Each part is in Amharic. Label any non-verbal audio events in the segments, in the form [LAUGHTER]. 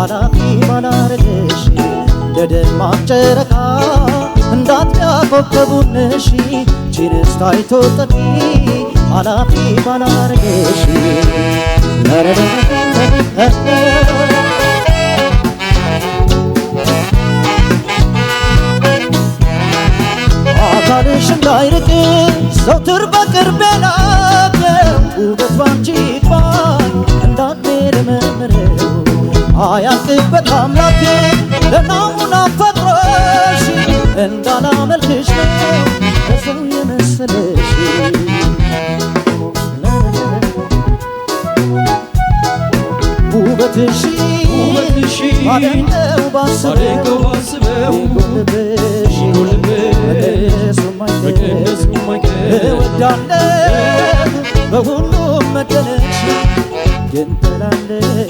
ኃላፊ ባላረገሽ ለደማቅ ጨረቃ እንዳጥቢያ ኮከቡነሽ ችንስ ታይቶ ጠፊ ኃላፊ ባላረገሽ አካልሽ እንዳይርቅ ዘውትር በቅርቤ ናት አያልቅበት አምላኬ ለናሙና ፈጥሮሽ እንዳላመልክሽ በሰው የመሰለሽ ውበትሽ ውበትሽ አደንቀው ባስበው በሁሉም መገለሽ ግን ትላለሽ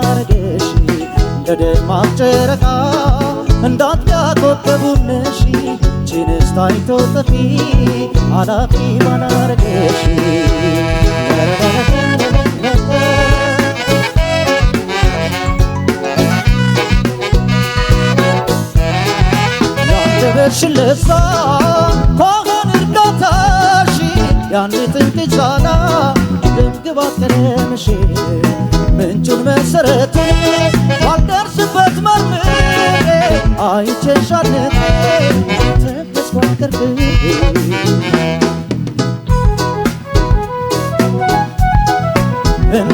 በደማቅ ጨረቃ እንዳጥቢያ ኮከቡነሽ ችንስ ታይቶ ጠፊ አላፊ ባላረገሽ ያንደበሽን ለዛ እርዳታሽ ያን ጥንቅ ዛላ ደምግባት ቀለምሽ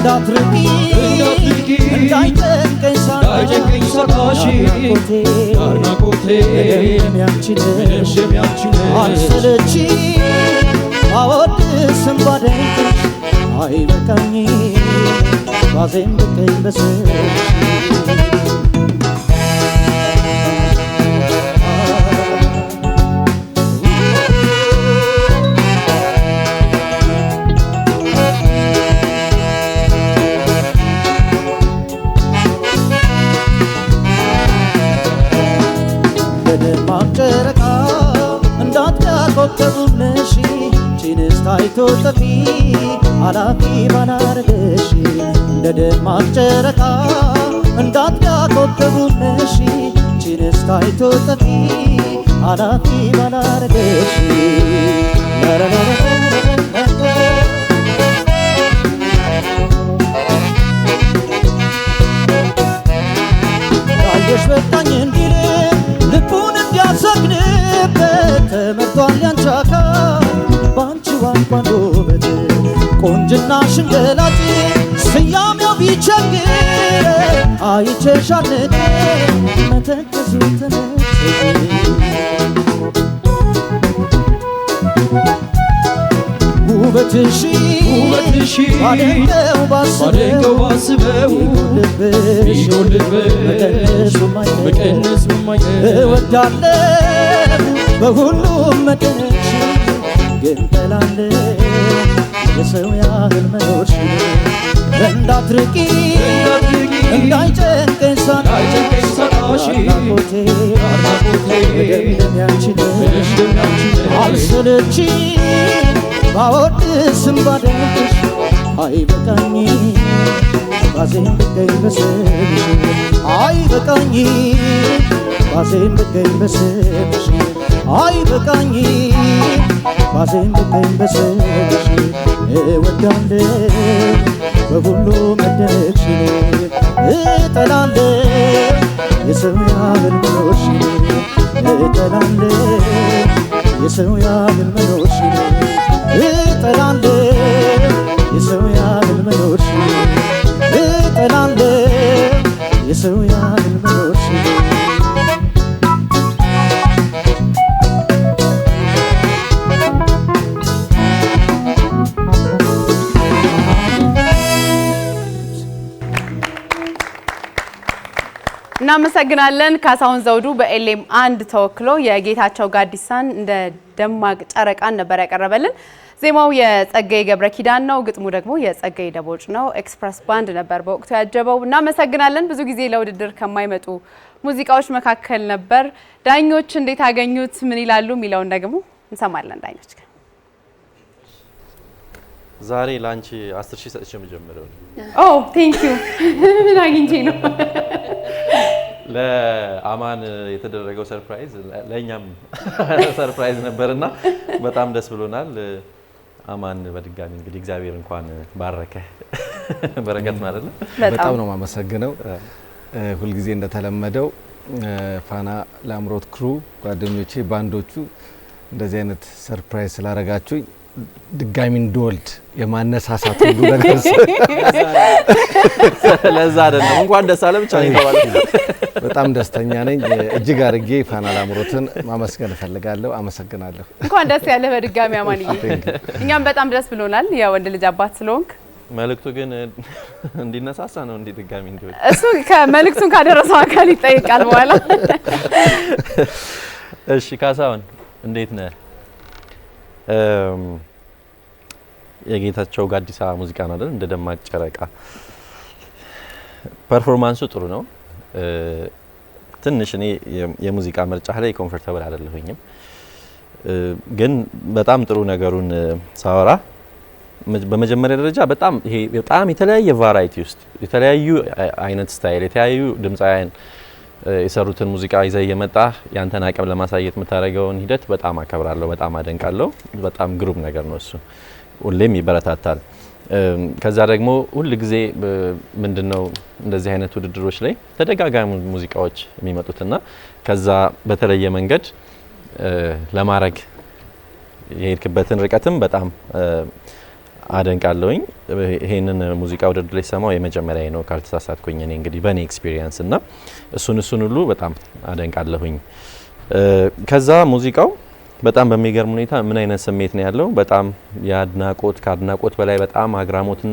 እንዳትርቂ እንዳይጨንቀኝ ሳይጨንቀኝ ሰራሽ አድናቆቴ ምንም አልሰለች ከቶ ጠፊ አላፊ ባላረገሽ እንደ ደማቅ ጨረቃ እንዳጥቢያ ኮከቡነሽ ችንስ ታይቶ ጠፊ አላፊ ባላረገሽ ሽ በቃኝ እንዲል ልቡን እንዲያሰግንበት ተመርቷል ያንቻካ እንኳን ውበት ቆንጅናሽን ገላጭ ስያሜው ቢቸግር አይቼሻልን መተከዙ ውበትሽ ውበትሽ ባደንቀው ባስበው ባስበው ልብሽ ልብሽ እወዳለሁ በሁሉም መጠን ገንጠላለ የሰው ያህል መኖርሽ እንዳትርቂ እንዳይጨንቀሽ ሳጣሽ ናቆቴ ደምደሚያችነሽ አልሰለች ባወድስም ባደንቅሽ አይበቃኝ ባዜን ብገኝ በስብሽ አይበቃኝ ባዜን ብገኝ በስብሽ አይበቃኝ ባዜም ልቤን በስሽ እወዳለሁ በሁሉ መደሽ እጠላለሁ የሰው ያህል መኖርሽ እጠላለሁ የሰው ያህል መኖርሽ የሰው ያህል መኖርሽ የሰው ያህል እናመሰግናለን። ካሳሁን ዘውዱ በኤልኤም አንድ ተወክሎ የጌታቸው ጋዲሳን እንደ ደማቅ ጨረቃን ነበር ያቀረበልን። ዜማው የጸጋዬ ገብረ ኪዳን ነው። ግጥሙ ደግሞ የጸጋዬ ደቦጭ ነው። ኤክስፕረስ ባንድ ነበር በወቅቱ ያጀበው። እናመሰግናለን። ብዙ ጊዜ ለውድድር ከማይመጡ ሙዚቃዎች መካከል ነበር። ዳኞች እንዴት አገኙት? ምን ይላሉ? የሚለውን ደግሞ እንሰማለን። ዳኞች ዛሬ ለአንቺ አስር ሺህ ሰጥቼ የምጀምረው ኦ ቴንክ ዩ [LAUGHS] ምን አግኝቼ ነው ለአማን የተደረገው ሰርፕራይዝ ለእኛም [LAUGHS] ሰርፕራይዝ ነበር እና በጣም ደስ ብሎናል። አማን በድጋሚ እንግዲህ እግዚአብሔር እንኳን ባረከ። [LAUGHS] በረከት ማለት ነው። በጣም ነው የማመሰግነው። ሁልጊዜ እንደተለመደው ፋና ላምሮት ክሩ ጓደኞቼ፣ ባንዶቹ እንደዚህ አይነት ሰርፕራይዝ ስላረጋችሁኝ ድጋሚ እንደወልድ የማነሳሳት ሁሉ ነገር ለዛ አይደለም። እንኳን ደስ አለ ብቻ በጣም ደስተኛ ነኝ። እጅግ አድርጌ ፋና ላምሮትን ማመስገን እፈልጋለሁ። አመሰግናለሁ። እንኳን ደስ ያለህ በድጋሚ አማንዬ። እኛም በጣም ደስ ብሎናል የወንድ ልጅ አባት ስለሆንክ። መልእክቱ ግን እንዲነሳሳ ነው እንዲ ድጋሚ እንዲወልድ። እሱ መልእክቱን ካደረሰው አካል ይጠይቃል በኋላ። እሺ ካሳሁን እንዴት ነህ? የጌታቸው ጋዲሳ ሙዚቃ ነው እንደ ደማቅ ጨረቃ ፐርፎርማንሱ ጥሩ ነው። ትንሽ እኔ የሙዚቃ ምርጫ ላይ ኮንፈርተብል አይደለሁኝም፣ ግን በጣም ጥሩ ነገሩን ሳወራ በመጀመሪያ ደረጃ በጣም ይሄ በጣም የተለያየ ቫራይቲ ውስጥ የተለያዩ አይነት ስታይል የተለያዩ ድምፃውያን የሰሩትን ሙዚቃ ይዘ እየመጣ ያንተን አቅም ለማሳየት የምታደርገውን ሂደት በጣም አከብራለሁ፣ በጣም አደንቃለሁ። በጣም ግሩም ነገር ነው እሱ፣ ሁሌም ይበረታታል። ከዛ ደግሞ ሁል ጊዜ ምንድን ነው እንደዚህ አይነት ውድድሮች ላይ ተደጋጋሚ ሙዚቃዎች የሚመጡትና ከዛ በተለየ መንገድ ለማድረግ የሄድክበትን ርቀትም በጣም አደንቃለሁኝ። ይሄንን ሙዚቃ ውድድር ላይ ሰማው የመጀመሪያ ነው ካልተሳሳትኩኝ፣ እኔ እንግዲህ በእኔ ኤክስፒሪየንስ እና እሱን እሱን ሁሉ በጣም አደንቃለሁኝ። ከዛ ሙዚቃው በጣም በሚገርም ሁኔታ ምን አይነት ስሜት ነው ያለው? በጣም የአድናቆት ከአድናቆት በላይ በጣም አግራሞትን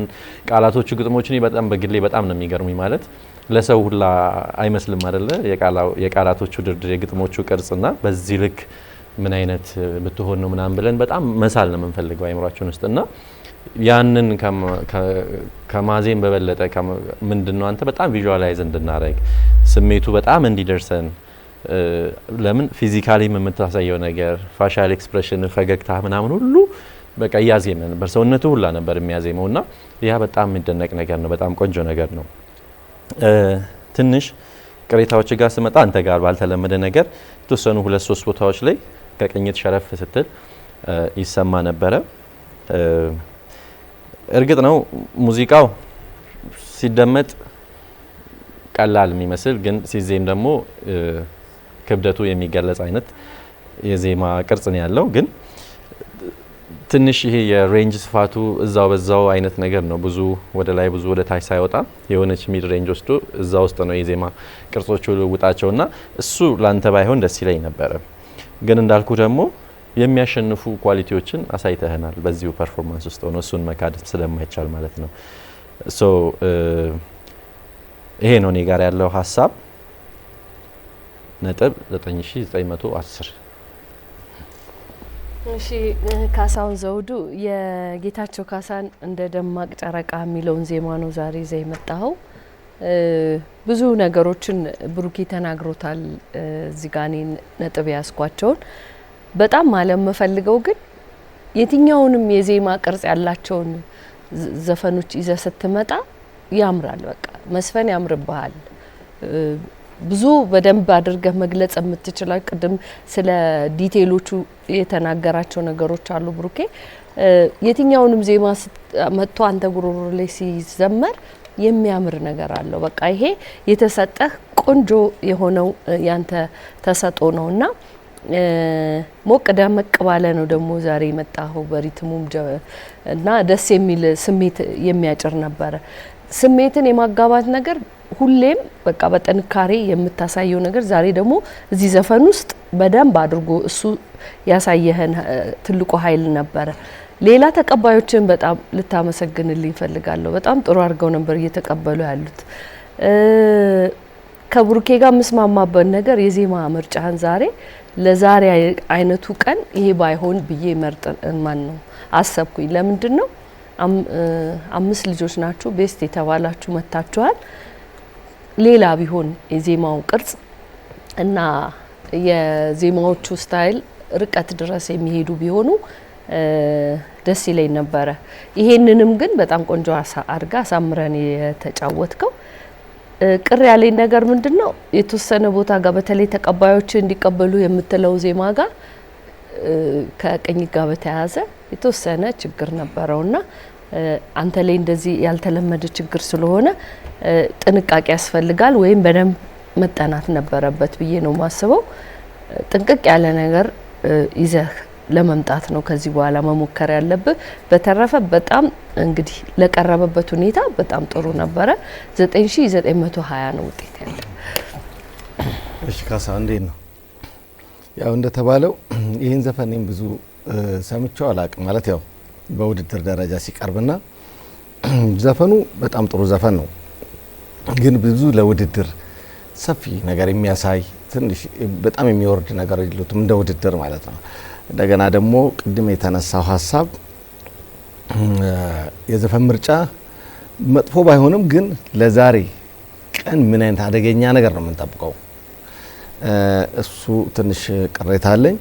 ቃላቶቹ፣ ግጥሞች እኔ በጣም በግሌ በጣም ነው የሚገርሙኝ። ማለት ለሰው ሁላ አይመስልም አደለ? የቃላቶቹ ድርድር፣ የግጥሞቹ ቅርጽና በዚህ ልክ ምን አይነት ብትሆን ነው ምናምን ብለን በጣም መሳል ነው የምንፈልገው አይምሯችን ውስጥ እና ያንን ከማዜም በበለጠ ምንድን ነው አንተ በጣም ቪዥዋላይዝ እንድናደረግ ስሜቱ በጣም እንዲደርሰን ለምን ፊዚካሊ የምታሳየው ነገር ፋሻል ኤክስፕሬሽን ፈገግታ ምናምን ሁሉ በቃ እያዜመ ነበር። ሰውነቱ ሁላ ነበር የሚያዜመው እና ያ በጣም የሚደነቅ ነገር ነው። በጣም ቆንጆ ነገር ነው። ትንሽ ቅሬታዎች ጋር ስመጣ አንተ ጋር ባልተለመደ ነገር የተወሰኑ ሁለት ሶስት ቦታዎች ላይ ከቅኝት ሸረፍ ስትል ይሰማ ነበረ። እርግጥ ነው ሙዚቃው ሲደመጥ ቀላል የሚመስል ግን ሲዜም ደግሞ ክብደቱ የሚገለጽ አይነት የዜማ ቅርጽ ነው ያለው። ግን ትንሽ ይሄ የሬንጅ ስፋቱ እዛው በዛው አይነት ነገር ነው። ብዙ ወደ ላይ ብዙ ወደ ታች ሳይወጣ የሆነች ሚድ ሬንጅ ወስዶ እዛ ውስጥ ነው የዜማ ቅርጾቹ ልውጣቸውና እሱ ላንተ ባይሆን ደስ ይለኝ ነበረ። ግን እንዳልኩ ደግሞ የሚያሸንፉ ኳሊቲዎችን አሳይተህናል በዚሁ ፐርፎርማንስ ውስጥ ሆነ እሱን መካድ ስለማይቻል ማለት ነው። ሶ uh, ይሄ ነው እኔ ጋር ያለው ሀሳብ ነጥብ 9910 እሺ ካሳውን ዘውዱ የጌታቸው ካሳን እንደ ደማቅ ጨረቃ የሚለውን ዜማ ነው ዛሬ ይዘህ የመጣኸው። ብዙ ነገሮችን ብሩኪ ተናግሮታል። እዚህ ጋ እኔ ነጥብ ያስኳቸውን በጣም ማለት የምፈልገው ግን የትኛውንም የዜማ ቅርጽ ያላቸውን ዘፈኖች ይዘ ስትመጣ ያምራል። በቃ መስፈን ያምርብሃል። ብዙ በደንብ አድርገህ መግለጽ የምትችላል። ቅድም ስለ ዲቴይሎቹ የተናገራቸው ነገሮች አሉ ብሩኬ። የትኛውንም ዜማ መጥቶ አንተ ጉሮሮ ላይ ሲዘመር የሚያምር ነገር አለው። በቃ ይሄ የተሰጠህ ቆንጆ የሆነው ያንተ ተሰጦ ነውና ሞቅ ደመቅ ባለ ነው ደግሞ ዛሬ የመጣኸው በሪትሙም እና ደስ የሚል ስሜት የሚያጭር ነበረ። ስሜትን የማጋባት ነገር ሁሌም በቃ በጥንካሬ የምታሳየው ነገር ዛሬ ደግሞ እዚህ ዘፈን ውስጥ በደንብ አድርጎ እሱ ያሳየህን ትልቁ ኃይል ነበረ። ሌላ ተቀባዮችን በጣም ልታመሰግንልኝ እፈልጋለሁ። በጣም ጥሩ አድርገው ነበር እየተቀበሉ ያሉት። ከቡርኬ ጋር የምስማማበት ነገር የዜማ ምርጫህን ዛሬ ለዛሬ አይነቱ ቀን ይሄ ባይሆን ብዬ መርጥ ማን ነው አሰብኩኝ። ለምንድን ነው አምስት ልጆች ናችሁ ቤስት የተባላችሁ መታችኋል። ሌላ ቢሆን የዜማው ቅርጽ እና የዜማዎቹ ስታይል ርቀት ድረስ የሚሄዱ ቢሆኑ ደስ ይለኝ ነበረ። ይሄንንም ግን በጣም ቆንጆ አድርጋ አሳምረን የተጫወትከው ቅር ያለኝ ነገር ምንድን ነው የተወሰነ ቦታ ጋር በተለይ ተቀባዮች እንዲቀበሉ የምትለው ዜማ ጋር ከቅኝት ጋር በተያያዘ የተወሰነ ችግር ነበረውና አንተ ላይ እንደዚህ ያልተለመደ ችግር ስለሆነ ጥንቃቄ ያስፈልጋል ወይም በደንብ መጠናት ነበረበት ብዬ ነው የማስበው። ጥንቅቅ ያለ ነገር ይዘህ ለመምጣት ነው ከዚህ በኋላ መሞከር ያለብህ። በተረፈ በጣም እንግዲህ ለቀረበበት ሁኔታ በጣም ጥሩ ነበረ። 9920 ነው ውጤት ያለ። እሺ ካሳ እንዴት ነው? ያው እንደተባለው ይህን ዘፈን እኔም ብዙ ሰምቼው አላቅም። ማለት ያው በውድድር ደረጃ ሲቀርብና ዘፈኑ በጣም ጥሩ ዘፈን ነው፣ ግን ብዙ ለውድድር ሰፊ ነገር የሚያሳይ ትንሽ በጣም የሚወርድ ነገር የሉትም እንደ ውድድር ማለት ነው። እንደገና ደግሞ ቅድም የተነሳው ሀሳብ የዘፈን ምርጫ መጥፎ ባይሆንም ግን ለዛሬ ቀን ምን አይነት አደገኛ ነገር ነው የምንጠብቀው? እሱ ትንሽ ቅሬታ አለኝ።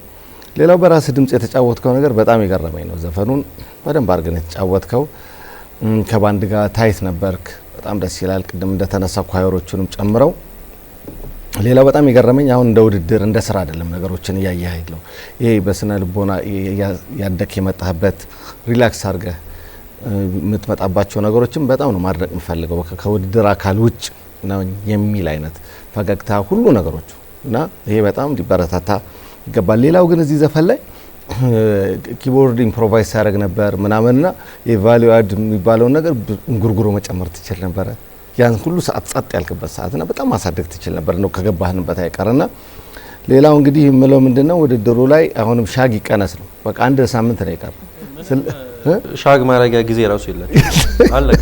ሌላው በራስ ድምፅ የተጫወትከው ነገር በጣም የገረመኝ ነው። ዘፈኑን በደንብ አድርገን የተጫወትከው ከባንድ ጋር ታይት ነበርክ። በጣም ደስ ይላል። ቅድም እንደተነሳ ኳየሮቹንም ጨምረው ሌላው በጣም የገረመኝ አሁን እንደ ውድድር እንደ ስራ አይደለም ነገሮችን እያየ ያለው ይሄ በስነ ልቦና ያደክ የመጣህበት ሪላክስ አድርገህ የምትመጣባቸው ነገሮችን በጣም ነው ማድረግ የምፈልገው። ከውድድር አካል ውጭ ነው የሚል አይነት ፈገግታ፣ ሁሉ ነገሮቹ እና ይሄ በጣም ሊበረታታ ይገባል። ሌላው ግን እዚህ ዘፈን ላይ [CLEARS THROAT] ኪቦርድ ኢምፕሮቫይዝ ሲያደርግ ነበር ምናምንና የቫሊዩ አድ የሚባለውን ነገር እንጉርጉሮ መጨመር ትችል ነበረ። ያን ሁሉ ሰዓት ጸጥ ያልክበት ሰዓትና በጣም ማሳደግ ትችል ነበር ነው ከገባህንበት አይቀርና ሌላው እንግዲህ የምለው ምንድነው ውድድሩ ላይ አሁንም ሻግ ይቀነስ ነው። በቃ አንድ ሳምንት ነው የቀረ። ሻግ ማረጊያ ጊዜ ራሱ የለም አለቀ።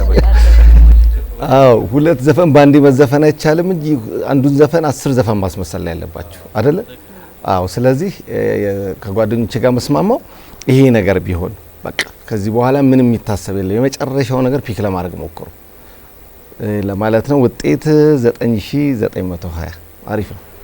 አዎ ሁለት ዘፈን በአንዴ መዘፈን አይቻልም እንጂ አንዱን ዘፈን አስር ዘፈን ማስመሰል ላይ ያለባቸው አይደለ? አዎ። ስለዚህ ከጓደኞች ጋር መስማማው ይሄ ነገር ቢሆን በቃ ከዚህ በኋላ ምንም የሚታሰብ የለም የመጨረሻው ነገር ፒክ ለማድረግ ሞክሩ። ለማለት ነው። ውጤት 9920 አሪፍ ነው።